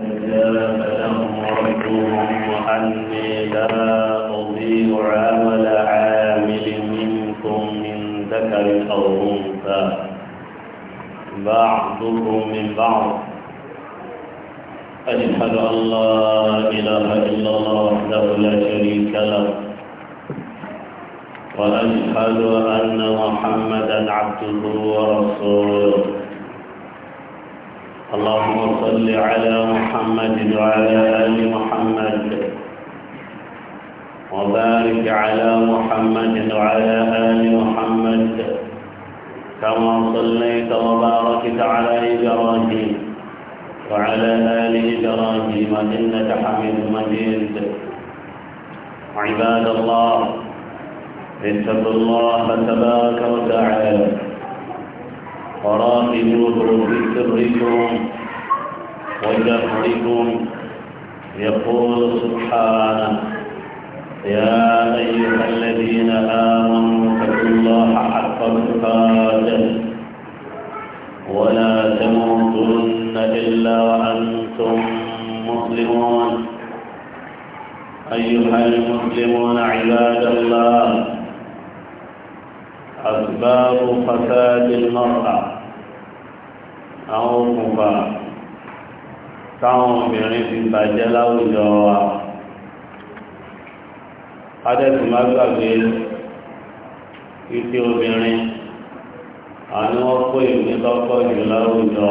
فجاءهم ربهم أني لا أضيع عمل عامل منكم من ذكر أو أنثى بعضكم من بعض أشهد أن لا إله إلا الله وحده لا شريك له وأشهد أن محمدا عبده ورسوله اللهم صل على محمد وعلى آل محمد وبارك على محمد وعلى آل محمد كما صليت وباركت على إبراهيم وعلى آل إبراهيم إنك حميد مجيد عباد الله اتقوا الله تبارك وتعالى فراقبوه بسركم وجهركم يقول سبحانه يا أيها الذين آمنوا اتقوا الله حق تقاته ولا تموتن إلا وأنتم مسلمون أيها المسلمون عباد الله أسباب فساد المرأة أو كفا تعمل بعرف فجلا وجوا هذا ما قبل ìpè obìnrin àní wọ́n kó ìwé tọ́pọ̀ jù láwùjọ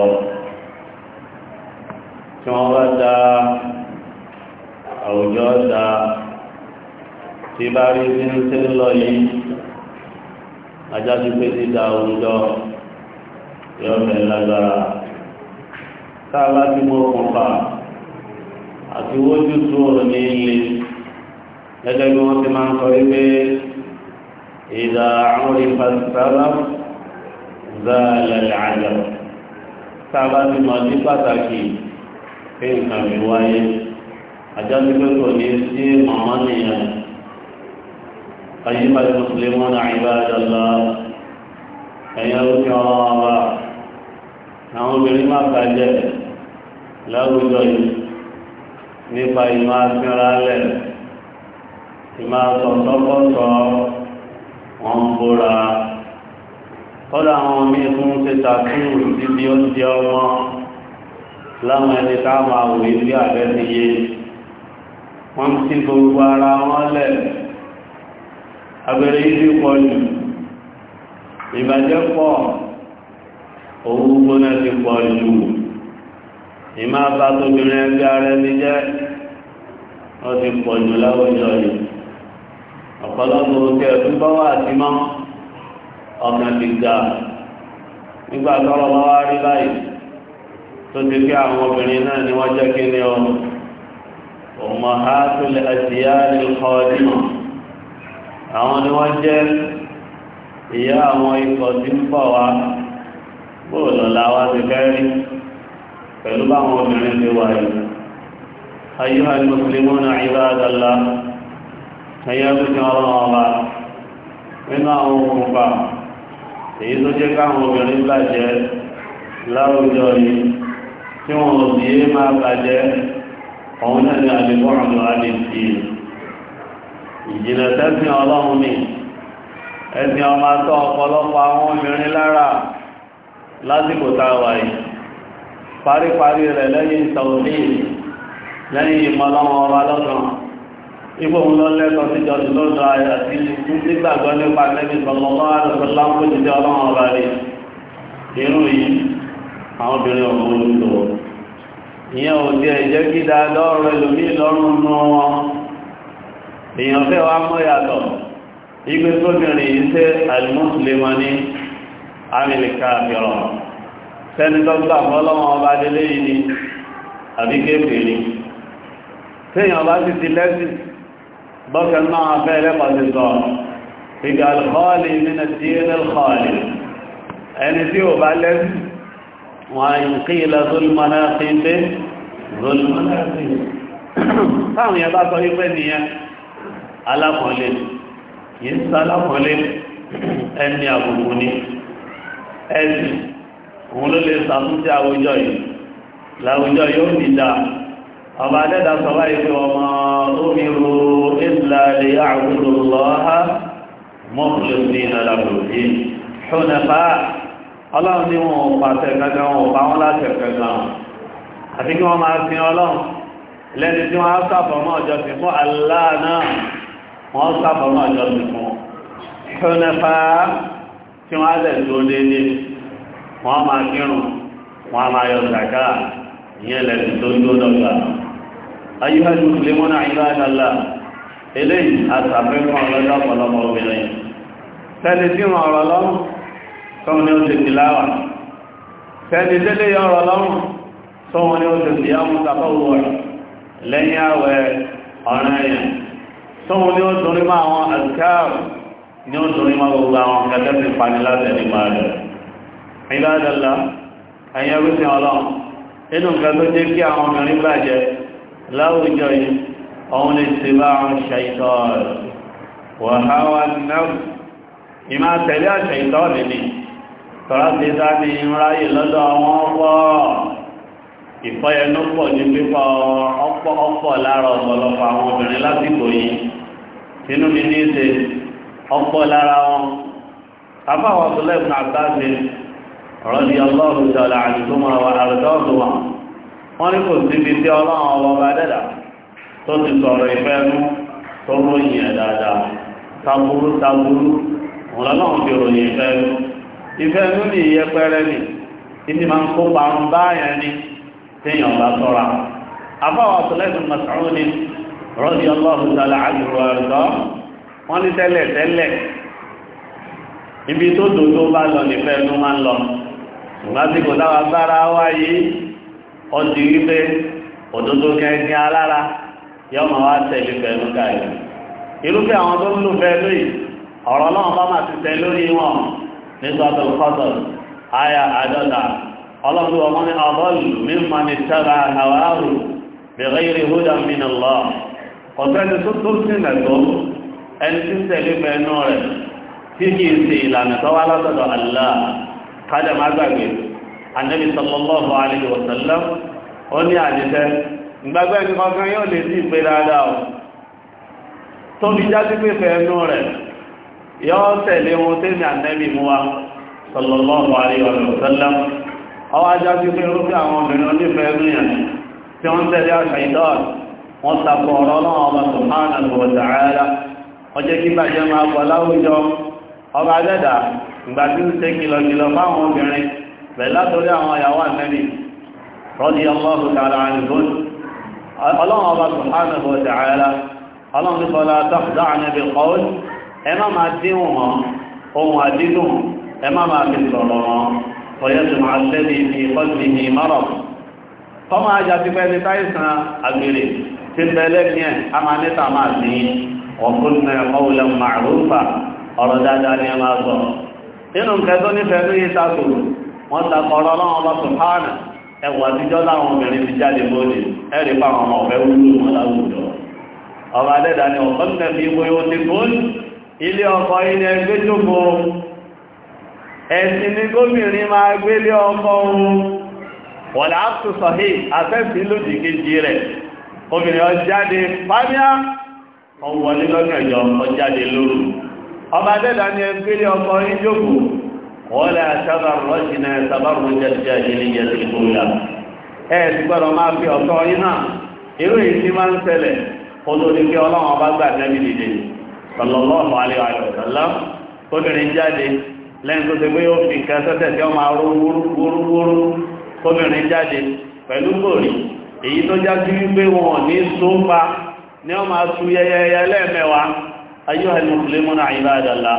tí wọ́n bá da àwùjọ da tí bá rí sí ń sí lọ yìí ajáde pé títa àwùjọ yọ bẹ̀rẹ̀ lágbára tá a bá ti mọ ọkàn pa àti wójú tó ọ̀rọ̀ ní ilé gẹ́gẹ́ bí wọ́n ti máa ń sọ wípé ìdá àwọn ìfàsítára zàlẹ̀ àjọ tá a mọ ní pàtàkì pé nǹkan mi wáyé ajáde pé kò ní sí màmá nìyẹn. أيها المسلمون عباد الله أيها الكرامة نعم بلما فجأ لا وجود nípa ìmọ̀ afínra lẹ̀ ìmọ̀ àtọ̀tọ̀kọ̀tọ̀ wọn ń bóra kọ́lá àwọn míì fún títà fún ìdíbi oúnjẹ ọmọ láwọn ẹni táwọn àwòrán bí àbẹ́ ti yé wọ́n ti gbogbo ara wọn lẹ̀ abẹ́rẹ́ yìí ti pọ̀ jù ìbàjẹ́ pọ̀ owó gbóná ti pọ̀ jù ìmá bá tóbìnrin ẹgbẹ́ ara ẹni jẹ́ wọ́n ti pọ̀ jù láwùjọ yìí ọ̀pọ̀lọpọ̀ òkè ẹ̀dún bá wà sí mọ́ ọ̀gàn ti ga nígbà tọ́rọ̀ bá wá rí báyìí tó ti fi àwọn obìnrin náà ni wọ́n jẹ́ kí ni ọ̀hún ọ̀mọ̀ ha tó lè àṣìyá ní kọ́ọ́dínà àwọn ni wọ́n jẹ́ ìyá àwọn ikọ̀ tí ń bọ̀ wá bóòlù làwọn ti fẹ́ rí pẹ̀lú báwọn obìnrin ti wà yìí ayúhà mùsùlùmí ìlà àdàlà ayébùsùn ọlọ́run ọba nínú àwọn òkùnfà èyí tó jẹ́ káwọn obìnrin bàjẹ́ láwùjọ yìí tí wọn ò sì yé máa bàjẹ́ òun náà ni àdìgbò àdìgbò àdìgbò ìjìnà tẹ́sìn ọlọ́run ni ẹ̀sìn ọmọ atọ́ ọ̀pọ̀lọpọ̀ àwọn obìnrin lára lásìkò táwà yìí paríparí rẹ̀ lẹ́yìn ìtàwòlì lẹ́yìn ìmọ̀lọ́wọ́ ọba lọ́kàn ipò ń lọ lẹ́kọ̀ọ́ sí jọ́sí lọ́dọ̀ ayà sí nígbàgbọ́ nípa nẹ́bí sọlọ́lọ́ àdọ̀sọ́lá ń kójúdé ọlọ́run ọba rẹ̀ irú yìí àwọn obìnrin ọ̀gbọ́n ló ìyẹn ò tiẹ̀ jẹ́ kí dáadọ́ rẹ̀ lọ́rùn náà èèyàn fẹ́ wá mọ́ yàtọ̀ igbe sóbìnrin yìí ṣe àlùmọ́sùlẹ́mọ́ ní amẹ́ríkà fìrọ̀ sẹ́ni dọ́gba fọlọ́wọ́n ọba délé yìí ni àbí kéfèèrè téèyàn bá sì ti lẹ́sìn bọ́kẹ̀ náà fẹ́ lẹ́pàá sọ ìgbà alkọ́ọ̀lì nínú díẹ̀ alkọ́ọ̀lì ẹni tí ò bá lẹ́sìn wọ́n táwọn yẹn bá sọ wípé nìyẹn alákọ̀ọ́lé yìí ń sálákọ̀ọ́lé ẹni àbùkù ni ẹ̀sìn òun ló lè sàtúnjẹ́ àwùjọ yìí láwùjọ yóò ní dáa ọba adẹ́dà sọ́wá ìfẹ́ ọmọ omi ìlàlẹ̀ àwùjọlọ́ha mọ́kùnlẹ̀ ìlàlàbòdì lẹ́ni tí wọ́n á ọjọ́ sí fún wọ́n sábọ̀ náà jọ sí fún ṣọ́nẹ́fà tí wọ́n á lẹ̀ tó déédéé wọ́n máa kírun wọ́n máa yọ ṣàkà ìyẹn lẹ́sìn tó tó dọ́gba ayíwájú lèmọ́nà ìbáṣálà eléyìí àtàfẹ́kùn ọlọ́dọ́ ọ̀pọ̀lọpọ̀ obìnrin tẹ́ni tí wọ́n ọ̀rọ̀ lọ́rùn tọ́wọ́n ni ó ti tìláwà tẹ́ni délé ọ̀rọ̀ lọ́rùn lẹ́yìn àwẹ̀ ọ̀rẹ́ tọ́wọ́ ní ọdúnrín máa wọn àdúkàrù ní ọdúnrín máa gbogbo àwọn kẹtẹ́ ti pani lábẹ́ ní máa rẹ̀ ìlàdàlá ẹ̀yẹ wíṣẹ́ ọlọ́run nínú nǹkan tó jẹ́ kí àwọn obìnrin bàjẹ́ láwùjọ yìí ọ̀hun lè ṣe bá àwọn ṣàìtọ́ wàháwà náà ìmá tẹ̀lé àṣẹ ìtọ́ nìní tọ́lá ti dá ìfọ́yẹnú pọ̀ ní pípa ọ̀pọ̀ ọ̀pọ̀ lára ọ̀pọ̀lọpọ̀ àwọn obìnrin lásìkò yìí inú mi ní ṣe ọ̀pọ̀ lára wọn afáwọn ọ̀tọ̀lẹ̀ fún àbáṣe rọ́dí ọlọ́run ìjọba àdìgbòmọ̀ àwọn àrùdọ́ọ̀dù wọn wọ́n ní kò síbi tí ọlọ́run ọlọ́ba dẹ́dà tó ti sọ̀rọ̀ ìfẹ́ mú tó ròyìn ẹ̀ dáadáa taburú taburú ọlọ́run fi ròyìn ìfẹ́ mú ìfẹ́ mú ní ìyẹpẹrẹ ni ìdí máa ń kó parun báyẹn ni téèyàn bá sọ́ra afáwọn ọ̀tọ̀lẹ̀ fún mọ̀sán rọ́dí ọlọ́run tààlà àjùrò àrùdọ́ wọ́n ní tẹ́lẹ̀ tẹ́lẹ̀ ibi tó dòdó bá lọ nífẹ́ ẹnu máa ń lọ ìgbásíkò táwa bára wá yìí ọdí wípé òdòdó kẹ́kẹ́ alára yọ ma wá tẹ̀lé fẹ́nu káyọ̀ irúfẹ́ àwọn tó ń lò fẹ́ lóyìí ọ̀rọ̀ náà bá máa ti tẹ lórí wọn nígbà tó kọ́tọ̀ àyà àdọ́ta ọlọ́run ọmọ ní ọbọ̀lù mímọ́ ni tẹ́ra àwárù bẹ̀rẹ̀ ìrìhúdà mìíràn lọ́wọ́ ọ̀sẹ́ni tó tó sí mẹ́tọ́ ẹni tí tẹ̀lé mẹ́nu rẹ̀ tí kì í ṣe ìlànà tó wá látọ̀dọ̀ Allah kájà má gbàgbé anabi sallallahu alayhi wa sallam ó ní àdìsẹ́ ìgbàgbẹ́ ẹni kankan yóò lè sí ìpè dáadáa o ọwọ́ ajá sí pé irúfẹ́ àwọn obìnrin onífẹ́ẹ́nu yẹn tí wọ́n tẹ̀lé àṣà ìdọ́ọ̀tì wọ́n sàpọ̀ ọ̀rọ̀ náà ọba subhanahu wa ta'ala ọjẹ́ kí bàjẹ́ máa pọ̀ láwùjọ ọba dẹ́dà ìgbà tí ń ṣe kìlọ̀kìlọ̀ fáwọn obìnrin bẹ̀rẹ̀ látọ̀rí àwọn ìyàwó àmẹ́rin rọ́dí ọlọ́rù tààrà àìsàn ọlọ́run ọba subhanahu wa ta'ala ọlọ́run nípọ̀lá tọ́kùdá ànẹ́bì kọ́ọ̀lù ẹ má máa díwọ̀n wọn ohun tí ń bẹ̀lẹ̀ ní ẹ̀ a máa níta máa ní ọkùn ní ọwọ́lẹ̀ màrúfà ọ̀rọ̀ dáadáa ní ẹmà sọ nínú nǹkan tó nífẹ̀ẹ́ tó yí sàtò wọ́n takọ̀ ọ̀rọ̀ ọlọ́run lọ sùpáànà ẹwà àtijọ́ láwọn obìnrin ti jáde bóde ẹ̀rí pa àwọn ọmọ ni ọ̀kan tẹ̀ fi ìwé ó ti kún ilé ọkọ obìnrin ọjáde pàmíà ọwọlé lọ́nà ẹ̀yọ ọjáde lóru ọba dẹ́dà ní ẹgbẹ́lẹ̀ ọkọ̀ ìjókòó wọ́n lẹ́ àṣàbàrọ̀ jìnà ẹ̀sàbàrọ̀ jẹ́jẹ́ ìlẹ́yẹ tó gbóyà ẹ̀ ti gbọ́dọ̀ máa fi ọ̀tọ̀ iná irú ìsí máa ń ṣẹlẹ̀ olórí pé ọlọ́run ọba gbà nẹ́bí dìde sallallahu alaihi wa sallam tóbìnrin jáde lẹ́yìn tó ti gbé ó fi nǹkan sọ́tẹ̀ tí ó máa rú wúrú wúrú tóbìnrin jáde pẹ̀lú gbòrí èyí tó jájú wípé wọn ní sópa ní ọmọ asú yẹyẹyẹ lẹ́ẹ̀mẹ́wàá ayé alìmọ̀lẹ́mọ́nà àyíláàdàlá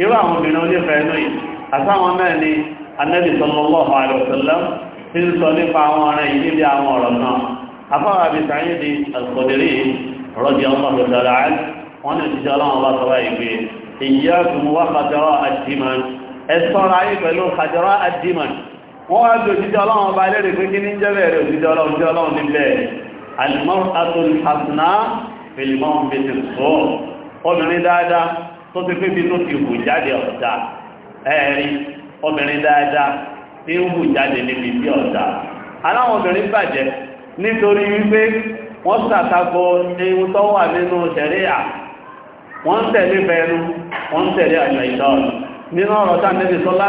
irú àwọn obìnrin onífẹ̀ẹ́nú yìí àtàwọn mẹ́rin ni anẹ́bì sallallahu alaihi wasallam tí ń sọ nípa àwọn ọ̀rẹ́ yìí wọ́n wá jò jíjọ ọlọ́run ọba ilé rẹ̀ pé kí ní jẹ́bẹ̀ rẹ̀ òjíjọ ọlọ́run jẹ́ ọlọ́run nílẹ̀ alimọ́n atol hasna filimọ́n bẹ́tẹ̀ sọ obìnrin dáadáa tó ti pé bí tó ti hù jáde ọ̀dà ẹ̀rí obìnrin dáadáa tí ń hù jáde níbi bí ọ̀dà aláwọn obìnrin bàjẹ́ nítorí wípé wọ́n sàtakọ ewu tó wà nínú sẹ̀ríà wọ́n tẹ̀lé fẹ́nu wọ́n tẹ̀lé àjọ ìtọ́ nínú ọ̀rọ̀ sáà nẹ́bí sọ́lá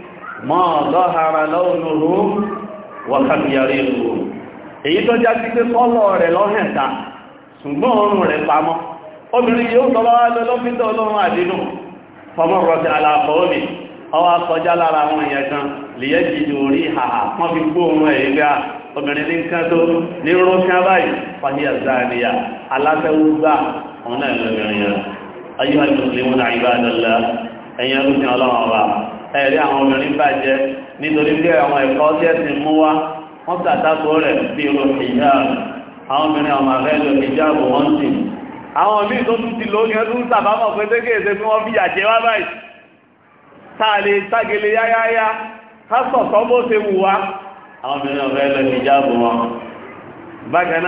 mọ́ lọ́hara lọ́wọ́lọ́wọ́ wọ́kàbíyàrí ìlú èyí tó já sí pé kọ́lọ̀ rẹ̀ lọ́hẹ̀ta ṣùgbọ́n ọrùn rẹ̀ pamọ́ obìnrin yóò tọ́lọ́wà lọ lọ́fíndọ̀ ọlọ́run àdínú fọmọ́ rọ̀tí aláàbọ̀ọ́lì ọwá kọjá lára àwọn èèyàn kan lèyẹ́ jìdì orí àhà wọ́n fi kó ohun ẹ̀ ìgbà ah, obìnrin ní nǹkan tó ní rọ́kán báyìí fàyí àzáàríyà aláfẹ́wúgbà ọ̀nà àìbá àdọ́lá ẹ̀yẹn rúfin ọlọ́run ọba ẹ̀rí àwọn obìnrin bàjẹ́ nítorí pé àwọn ẹ̀kọ́ tí ẹ̀sìn mú wá wọ́n tàtàkó rẹ̀ bí irú ìjáàbù àwọn obìnrin àwọn àfẹ́lò ìjáàbù wọ́n sì àwọn míì tó tún ti lóyún ẹdún sàbámọ̀ pé tékèèsé tí wọ́n fi yàjẹ́ wá báyìí táà lè ságele yáyáyá kásọ̀tọ́ bó ṣe wù wá àwọn obìnrin ọ̀fẹ́ lọ ìjáàbù wọn bákan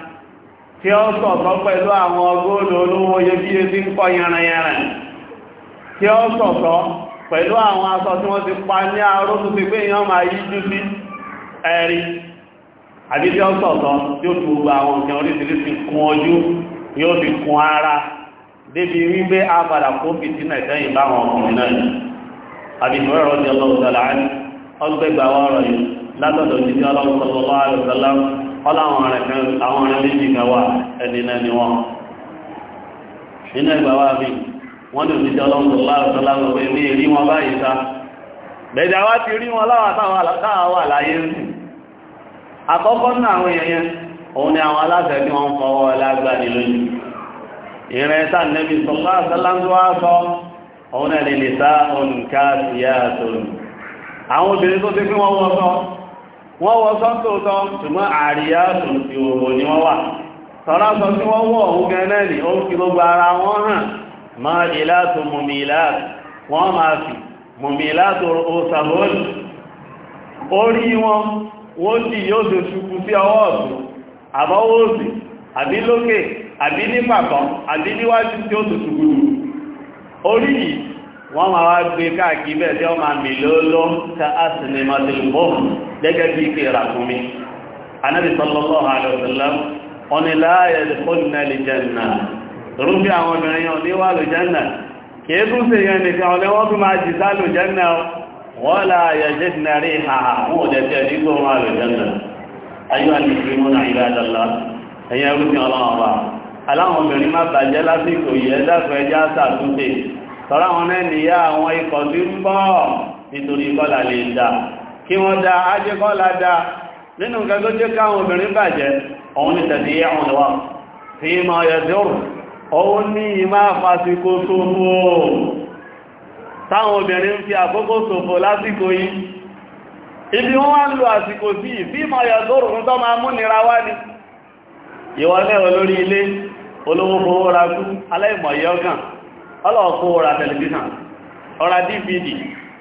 tí ó sọ̀tọ̀ pẹ̀lú àwọn góòlù olówó iyebíye tí ń kọ́ yanranyanran tí ó sọ̀tọ̀ pẹ̀lú àwọn aṣọ tí wọ́n ti pa ní aró tó ti pé èèyàn máa yí jú sí ẹ̀rí àbí tí ó sọ̀tọ̀ tí ó tu àwọn nǹkan oríṣiríṣi ojú yóò fi ara débi wípé a padà kó fìtí náà sẹ́yìn báwọn ọkùnrin ọláwọn ọ̀rẹ́ méjì kan wà ẹni náà ni wọ́n nínú ẹgbà wà bí wọ́n lè jíjọ lọ́wọ́ láàrùn pé ní èrí wọn báyìí sá bẹ̀dẹ̀ àwá ti rí wọn láwà láyé ń sìn àkọ́kọ́ ní àwọn èèyàn òun ni àwọn aláṣẹ tí wọ́n fọwọ́ lágbàdì lójú ìrìn sáà nẹ́bí sọ́lá sọ́láńtọ́ wá sọ òun náà lè lè sá òǹkà síyá àtòrò àwọn obìnrin tó ti fi wọ́n wọ́ sọ́ wọ́n wọ sọ́tò tọ́ ṣùgbọ́n àríyá sùn ti òwò ni wọ́n wà tọ́lá sọ tí wọ́n wọ̀ òun gẹ́nẹ́ ni ó fi gbogbo ara wọn hàn mọ́ ìlàtò mùmìlá wọ́n wọ́n sì wá gbé káàkiri bẹ́ẹ̀ tí wọ́n máa mì lọ́lọ́ ká á sì ní mọ́tò ìbọ́ọ̀lù gẹ́gẹ́ bí ike ràkúnmí anábì sallallahu alaihi wasallam ọ̀nì láàyè lẹ́kọ́nà lè jẹ́nà rúbí àwọn obìnrin yàn níwà lè jẹ́nà kìí tún sí yẹn nìkan ọ̀lẹ́ wọ́n tún máa jìtá lè jẹ́nà wọ́n láàyè jẹ́nà rí ha àwọn òdẹ̀tẹ̀ nígbò wọn lè jẹ́nà ayé wà ní ìfimú náà ilé àdàlá ẹ̀yẹ rúbí bàjẹ́ lásìkò yẹ dákọ̀ ẹjẹ́ àṣàtúnṣe tọ́ra àwọn náà nìyá àwọn ikọ̀ tí ń bọ̀ nítorí kọ́là lè dáa kí wọ́n dá ajẹ́kọ́ ládá nínú nǹkan tó jẹ́ káwọn obìnrin bàjẹ́ òun ni tẹ̀lé ẹ̀hùn lọ́wọ́ fi ma yẹ̀dọ́rù òun ní ìmá fásikò ṣòfò táwọn obìnrin fi àkókò ṣòfò lásìkò yìí ibi wọ́n wá ń lo àsìkò sí fi ma yẹ̀dọ́rù tó máa múnira wá ní ìwọlẹ́ olórí ilé olówó fowó ra kú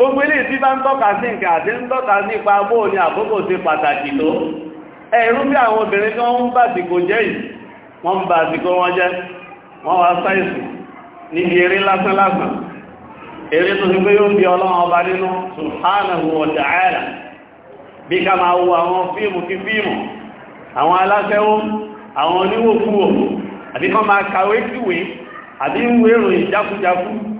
gbogbo ilé tí bá ń tọ́ka sí nǹkan àti ń tọ́ka nípa bóò ní àkókò ṣe pàtàkì tó ẹ̀rú bí àwọn obìnrin ń bá jẹ́ yìí wọ́n ń bá jẹ́ wọ́n wá sáìsì eré lásán lásán eré tó yóò bí ọlọ́run ọba nínú bí ká máa wo àwọn fíìmù kí fíìmù àwọn àwọn oníwòkúwò àbí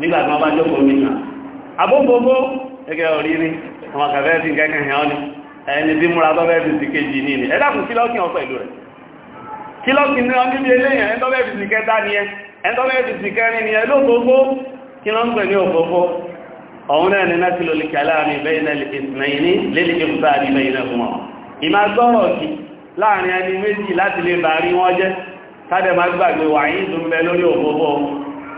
nígbà tí wọ́n bá jókòó mi náà abóbóbó gẹ́gẹ́ òrírí àwọn kàfẹ́ ti kẹ́kẹ́ hàn ní ẹni tí múra tọ́fẹ́ fi sí kejì ní ni ẹ̀dàkùn kílọ́kì ọ pẹ̀lú rẹ̀ kílọ́kì ní ọ níbi eléyàn ẹni tọ́fẹ́ fi sí kẹta ni ẹ ẹni tọ́fẹ́ fi sí kẹrin ni ẹ lóògbógbó kí ló ń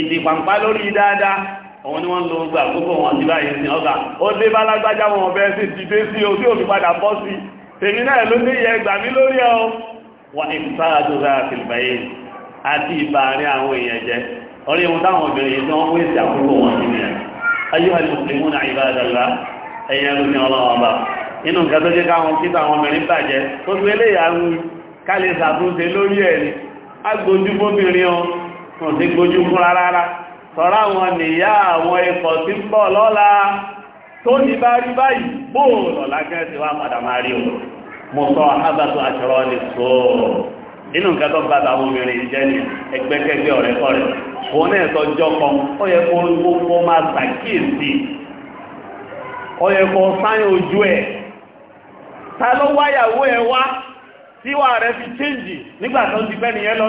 ìdìpàǹpá lórí dáadáa àwọn ni wọ́n ń lo gbogbo àkókò wọn ti báyìí sí ọ̀gá ó dé bá lágbájá wọn ọ̀bẹ sí ti dé sí ojú òfin padà bọ́ sí tèmi náà ló ní yẹ gbà mí lórí ẹ o wà ní sára tó sára tìlùbà yìí àti ìbà àárín àwọn èèyàn jẹ orí ohun táwọn obìnrin yìí tí wọ́n wéèsì àkókò wọn sí nìyẹn ayé wa ni mùsùlùmí náà ìbá dàgbà ẹ̀yìn ẹlú ní ọlọ́wọ́n bá inú nǹkan tó jẹ́ káwọn kíta àwọn obìnrin bàjẹ́ tó fi eléyàá ń kálẹ̀ sàtúnṣe lórí ẹ̀ ni agbójúbóbìnrin ọ tó ti gbójú fún rárá sọ́rọ̀ àwọn nìyá àwọn ikọ̀ tí ń bọ̀ lọ́la tó ní bá rí báyìí bóòlọ̀ lágẹ́ ti wá padà máa rí o mo sọ àbátò àṣọrọ ní sóòrò inú nǹkan tó bá àwọn obìnrin jẹ́ ní ẹgbẹ́kẹ́gbẹ́ ọ̀rẹ́ kọ́rẹ́ òun náà sọ jọkọ ó yẹ kó kó máa ṣàkíyèsí ó yẹ kó sáyẹn ojú ẹ̀ ta ló wáyàwó ẹ wá tíwà rẹ fi chéǹjì nígbà tó ti bẹ́ẹ̀ nìyẹn lọ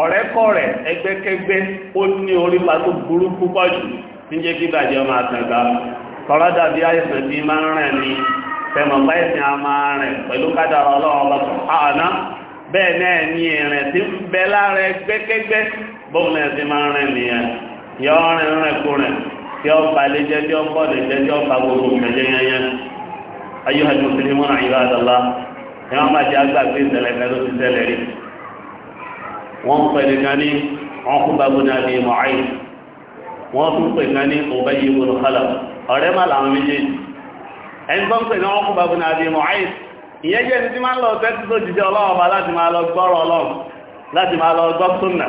ọ̀rẹ́kọ̀rẹ́ ẹgbẹ́kẹgbẹ́ ó ní orí pàtó burúkú pọ̀jù tí ń jẹ́ kí bàjẹ́ ọmọ àtàgbà tọ́rọ́ dàbí àìsàn tí máa ń rìn ní tẹ̀mọ̀gbá ẹ̀sìn a máa rìn pẹ̀lú kádàrà ọlọ́run ọba àná bẹ́ẹ̀ náà ní ìrìn tí ń bẹ lára ẹgbẹ́kẹgbẹ́ bóun náà ti máa ń rìn nìyẹn yọ rìn wọ́n pẹ̀ nìkan ní ọkùnbà bùnà bí mọ̀ọ́yì wọ́n tún pè kan ní ọba yìí bùnà kálọ̀ ọ̀rẹ́ má làwọn méjèèjì ẹni tó ń pè ní ọkùnbà bùnà bí mọ̀ọ́yì ìyẹn jẹ́ ẹni máa ń lọ tẹ́tí tó jíjẹ́ ọlọ́ọ̀bá láti máa lọ gbọ́rọ̀ ọlọ́run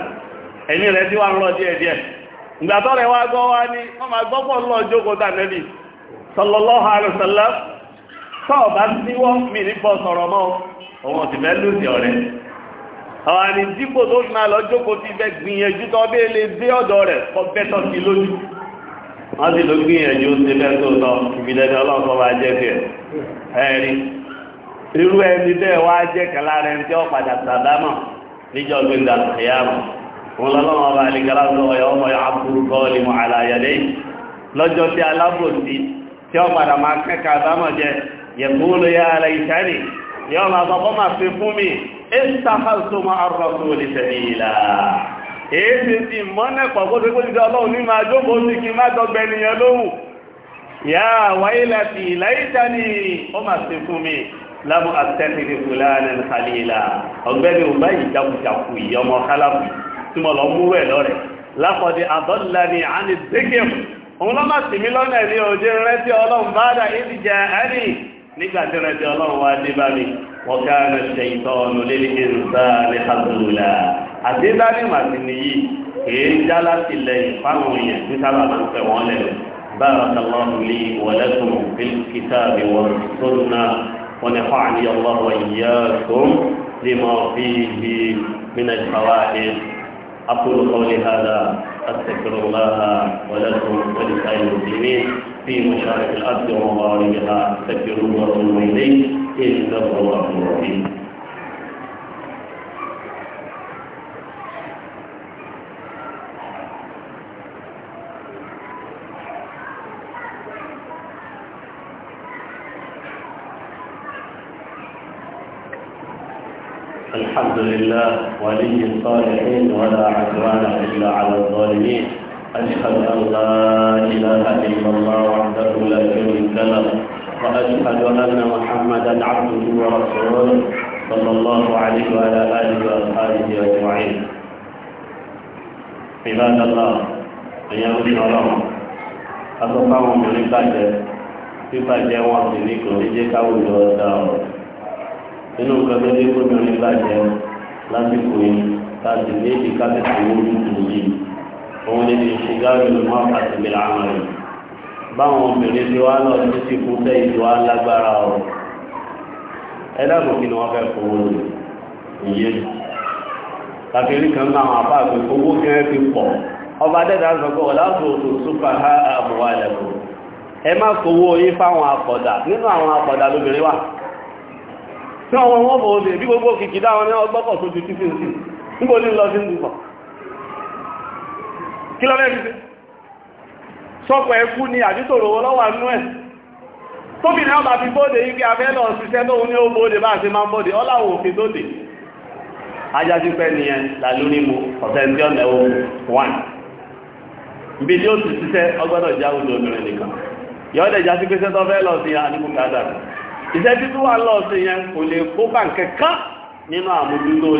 àwọn àníjípò tó máa lọ jókòó ti fẹ́ gbìyànjú tó bẹ́ẹ̀ lè dé ọ̀dọ̀ rẹ̀ kọ́ bẹ́tọ̀ sí lójú wọ́n sì ló gbìyànjú ti fẹ́ tó tọ́ ìbílẹ̀dẹ̀ ọlọ́pọ̀ máa jẹ́ fẹ́ ẹ̀rí irú ẹni bẹ́ẹ̀ wá jẹ́ kẹlá rẹ̀ tí ó padà sàdámọ̀ níjọ́ gbẹ̀ngà kìyàmù wọn lọ́lọ́wọ́ ọba àlìkàlá ń lọ́wọ́ ọmọ àbúrú kọ́ọ̀lì mọ̀ àlàyé lọ́jọ́ tí alábòsí tí yọ máa sọ fọ́ máa fi fún mi ìsàkàtúmọ̀ arọ́sọ olùsẹ̀lẹ̀ ìlà èéṣe ti mọ́nẹ̀pọ̀ kó ṣe kó ti ọlọ́run ní máa jókòó sí kí má dọ́gbẹ́ ènìyàn lóhùn yà wáyé láti ìlàyíta ni ó máa ṣe fún mi lábọ́ àtẹ́tìrì fúlàní kàlílà ọ̀gbẹ́ni ò báyìí jákujàku ìyọmọ kálábù tí mo òun lọ́mà sí lọ́nà ní òjò rẹ̀ tí ọlọ́run bá dà ìdíjà ẹni nígbà tí rẹ̀ ti ọlọ́run wá dé bá mi wọ́n ká ẹ̀rọ ṣe ìtọ́ọ̀nù lélẹ́gbẹ̀ ńsá ní kàdúrà àti dání màtí nìyí èyí já láti lẹ́yìn fáwọn èèyàn ní sábà máa ń fẹ́ wọ́n lẹ̀ بارك الله لي ولكم في الكتاب والسنة ونفعني الله وإياكم لما فيه من الفوائد أقول قولي هذا أستغفر الله ولكم ولسائر المسلمين في مشارك الأرض ومغاربها فكروا وصلوا إليه إنه هو الله الرحيم الحمد لله ولي الصالحين ولا عدوان إلا على الظالمين أشهد أن لا إله إلا الله وحده لا شريك له وأشهد أن محمدا عبده ورسوله صلى الله عليه وعلى آله وأصحابه أجمعين عباد الله ẹ̀yàn ń sọ lọ́wọ́ aṣọ fáwọn obìnrin bàjẹ́ bíbàjẹ́ wọn sì ní kò ní jẹ́ káwùjọ ọ̀dà ọ̀rọ̀ nínú nǹkan tó dé kó obìnrin bàjẹ́ lásìkò yìí láti léèdì káfíńtì owó tuntun yìí. òun ni ìṣìgáàrù ìmọ̀ àti ìbílẹ̀ àwọn rẹ̀ báwọn obìnrin tí wá lọ sí ìlú wa lágbára ọ̀rọ̀ kí ni wọ́n fẹ́ fowó lò ìyé kàkiri kan náà àwọn àbá àgbẹ̀ owó fi pọ̀ ọba dẹ́dà sọ pé ọ̀lá tòótò súpà ha àbúwá ẹlẹ́gùn ẹ má fowó yín fáwọn àpọ̀dà nínú àwọn àpọ̀dà lóbìnrin wà tí kí lọ́rẹ́ rí sọ́pọ̀ ẹkú ni àdítòrò lọ́wà nú ẹ̀ tóbi náà bá fi bóde ibi abẹ́ lọ ṣiṣẹ́ tó ní ó bóde bá ṣe máa bóde ọláwò òfin tó dé ajájú pẹ́ nìyẹn lálórí ọ̀nà ohun ibi tí ó ti ṣiṣẹ́ ọgbọ́dọ̀ obìnrin nìkan pé sẹ́tọ́ fẹ́ lọ sí wà lọ sí yẹn kò lè kó nínú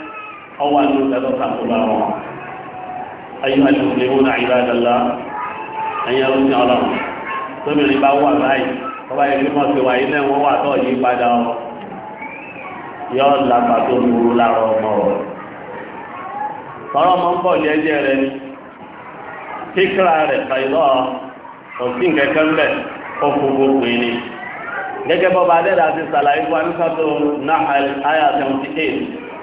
ọwọ́ àdúró tẹ́lọ́ sàkóbá wọn ayé àdúgbò ìwọ́n náà ìlú àdàlá ẹ̀yìn ọlọ́sìn ọlọ́run tóbìnrin bá wà báyìí ọba yẹn mímọ́ sí wa ilé wọn wà tó yí padà ọ yọ làbà tó lulú lára ọmọ rẹ tọrọ mọ ń bọ̀ jẹjẹ rẹ ni kíkra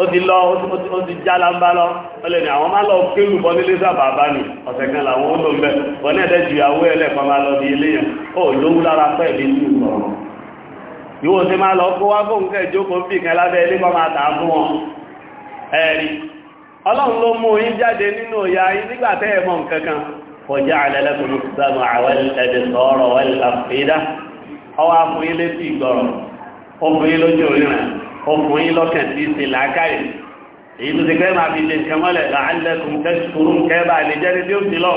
ó ti lọ ó ti já lámbá lọ ọlẹ́ ni àwọn máa lọ kéwù bọ́ nílé sábà bá ní ọ̀sẹ̀ kan làwọn ó lò ń bẹ̀ di ilé yẹn ó lówó lára pẹ́ máa lọ kó wá fóun kẹ́ ìjókòó kan lábẹ́ ilé máa tà á fún wọn ẹ̀rí ọlọ́run ló mú yín jáde nínú ìyá yín nígbà tẹ́ ẹ̀ nǹkan kan ọkùnrin lọ́kẹ̀ tí ṣe làákàyè èyí tó ti kẹ́ máa fi ṣe nǹkan mọ́lẹ̀ láàálẹ́kùn tẹ́sùkúrú kẹ́bà lè jẹ́rí tí ó ti lọ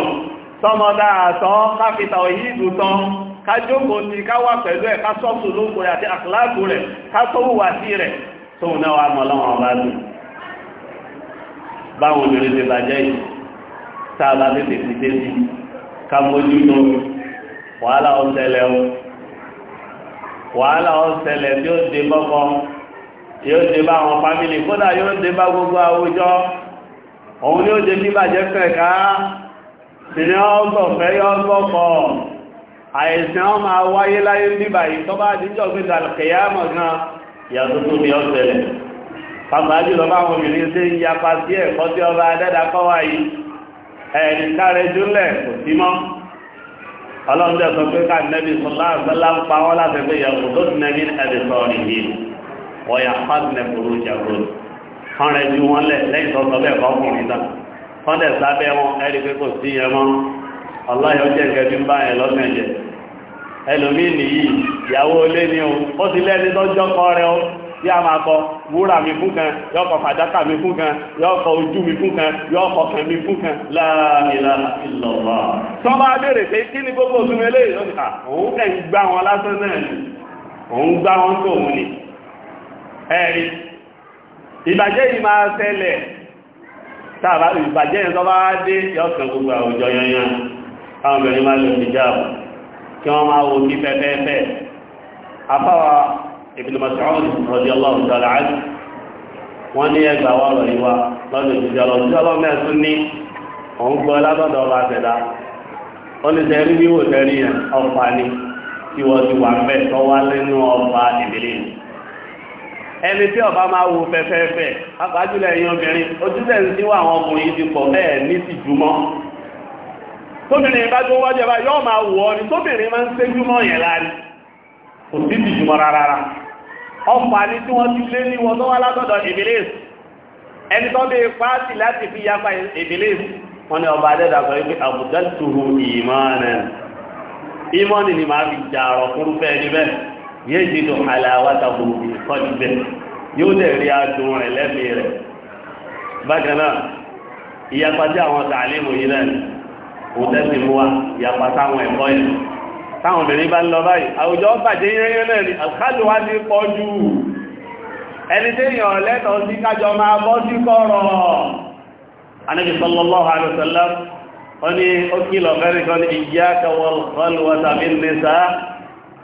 sọmọ dáàtọ́ káfíta òyìn ìdùtàn kájókòó ti káwà pẹ̀lú ẹ̀ kásọ́sù wàhálà ọ̀sẹ̀lẹ̀ tí ó dé bọ́kọ́ yóò dé bá àwọn fámílì kódà yóò dé bá gbogbo àwùjọ òun ni ó dé bíbàjẹ́ pẹ̀ká sínú ọgbọ̀ fẹ́ yọ́gbọ̀pọ̀ àìsàn ọmọ wáyé láyé bíbà yìí tọ́bá àdíjọ́ pé dàlùkẹ̀yàmọ̀ gan ìyàtọ̀ tó bí ọ̀sẹ̀lẹ̀ pàpà jùlọ bá àwọn obìnrin ṣe ń yapa sí ẹ̀kọ́ tí ọba adẹ́dà kọ́ wá yìí ẹ̀ẹ̀dì káre júlẹ̀ kò sí mọ́ ọlọ́run tẹ̀sán pé ká nẹ́bí sọ́lá àgbẹ́lá ń pa láti pé yàtọ̀ tó ti nẹ́bí ẹ̀dì sọ̀rọ̀ nìyí ọ̀yà fásitì kúrú jàgbó kan rẹ̀ ju lẹ̀ lẹ́yìn tọ́tọ́ tí a máa kọ wúrà mi fún kan yóò kọ fàdákà mi fún kan yóò kọ ojú mi fún kan yóò kọ kàn mi fún kan la ilaha illallah. bá béèrè pé kí ni gbogbo òsùnmọ́ eléyìí òun kẹ́ ń gbá wọn lásán náà ẹ̀rí ìbàjẹ́ yìí máa ṣẹlẹ̀ tàbá ìbàjẹ́ yẹn tó bá dé yọ́kàn gbogbo àwùjọ yanyan àwọn obìnrin máa lò ìjáàbù kí wọ́n máa wò kí fẹ́fẹ́fẹ́ afáwa Ibn Mas'ud radiyallahu ta'ala anhu ọ̀pá ni tí wọ́n ti wà lẹ́nu ọba ẹni tí ọba máa wo fẹ́fẹ́fẹ́ àpájúlẹ̀ ẹ̀yìn obìnrin ojúlẹ̀ ń tí wà àwọn ọkùnrin ti pọ̀ bẹ́ẹ̀ ní ti jùmọ́ tóbìnrin bá tó wájẹ́ bá yọ́ máa wù ọ́ ni tóbìnrin máa ń séjúmọ́ yẹn láàrí kò sí ti jùmọ́ rárá ọ̀pá ni tí wọ́n ti lé ní wọn tó wá látọ̀dọ̀ ìbílẹ̀ ẹni tó dé pàásì láti fi yapa ìbílẹ̀ wọn ni ọba adẹ́dà sọ pé àbùdá tuhu ìmọ̀ ni màá fi jà ọ̀rọ̀ fúrúfẹ́ ẹni bẹ́ẹ̀ yejidu aláwátàbò ìkọ́jùbẹ̀ yóò dẹ̀ rí adùn rẹ̀ lẹ́mí rẹ̀ bákanáà ìyapa tí àwọn tààlímù yìí náà kò tẹ́sí mú wa ìyapa táwọn ẹ̀kọ́ yìí táwọn obìnrin bá ń lọ báyìí àwùjọ bàjẹ́ yẹ́yẹ́ náà ni àkádùn wá ti pọ̀ jù ẹni tí èèyàn lẹ́tọ̀ọ́ sí kájọ máa bọ́ sí kọ́rọ̀ anábì sallallahu bin nisa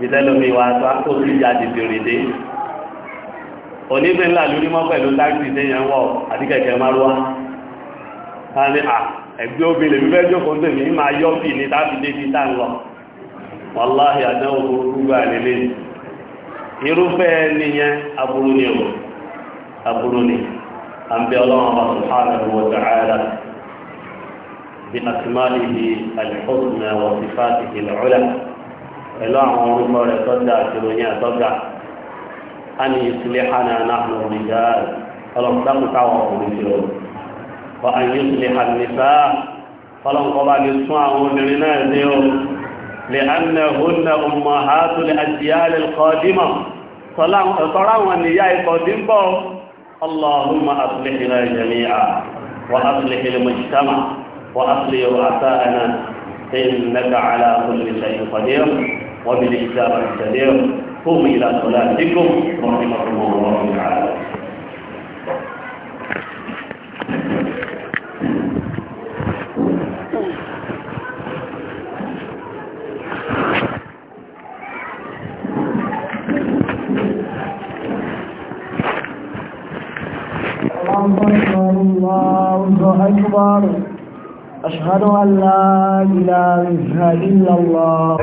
ìtẹ́lómi wa tó akó jáde fèrèdé onífẹ́ lórí mọ́ pẹ̀lú táàkì ìdẹ́yẹn wọ̀ àti kẹ̀kẹ́ márúwá láàrin à ẹgbẹ́ obìnrin fífẹ́ jókòó tèmi ní máa yọ́ bì ní táàkì débi tá ń lọ wàláhì àdáwò o aburú ni pẹ̀lú àwọn orúkọ rẹ̀ tọ́jà àti ìròyìn àtọ́jà a ní ìsìlẹ̀ hànà náà lórí dáàrì ọlọ́mọdáàmù táwọn ọkùnrin ti rò ọ àyè ìsìlẹ̀ hànà nìfà ọlọ́mọkọ́ba lè tún àwọn obìnrin náà ní o lè hànà hùnà ọmọ ààtò lè وبالإسلام السلام قوموا إلى صلاتكم رحمكم الله تعالى الله أكبر أشهد أن لا إله إلا الله